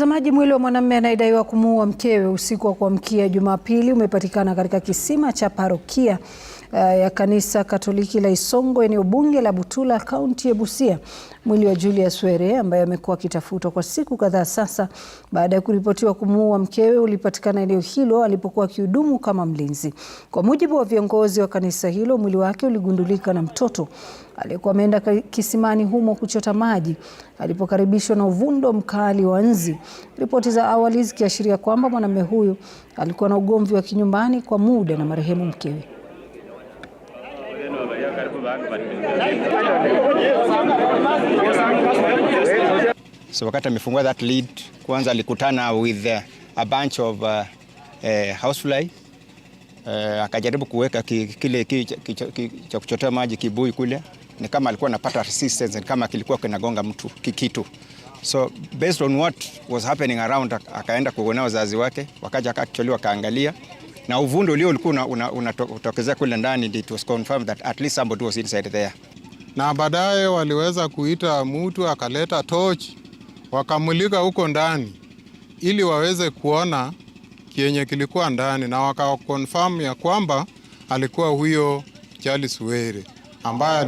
Mtazamaji, mwili wa mwanamume anayedaiwa kumuua mkewe usiku wa kuamkia Jumapili umepatikana katika kisima cha parokia uh, ya kanisa Katoliki la Isongo, eneo bunge la Butula, kaunti ya Busia. Mwili wa Julius Were ambaye amekuwa akitafutwa kwa siku kadhaa sasa baada ya kuripotiwa kumuua mkewe ulipatikana eneo hilo alipokuwa akihudumu kama mlinzi. Kwa mujibu wa viongozi wa kanisa hilo, mwili wake uligundulika na mtoto aliyekuwa ameenda kisimani humo kuchota maji alipokaribishwa na uvundo mkali wa nzi ripoti za awali zikiashiria kwamba mwanamume huyu alikuwa na ugomvi wa kinyumbani kwa muda na marehemu mkewe. So wakati amefungua that lead, kwanza alikutana with uh, a bunch of uh, uh, housefly uh, akajaribu kuweka kile cha kuchotea maji kibui kule, ni kama alikuwa anapata resistance, ni kama kilikuwa kinagonga mtu kikitu So based on what was happening around, akaenda kuona wazazi wake, wakaja actually wakaangalia na uvundo ulio ulikuwa unatokezea kule ndani, it was confirmed that at least somebody was inside there. Na baadaye waliweza kuita mtu akaleta torch wakamulika huko ndani ili waweze kuona kienye kilikuwa ndani, na wakakonfirm ya kwamba alikuwa huyo Charles Were ambaye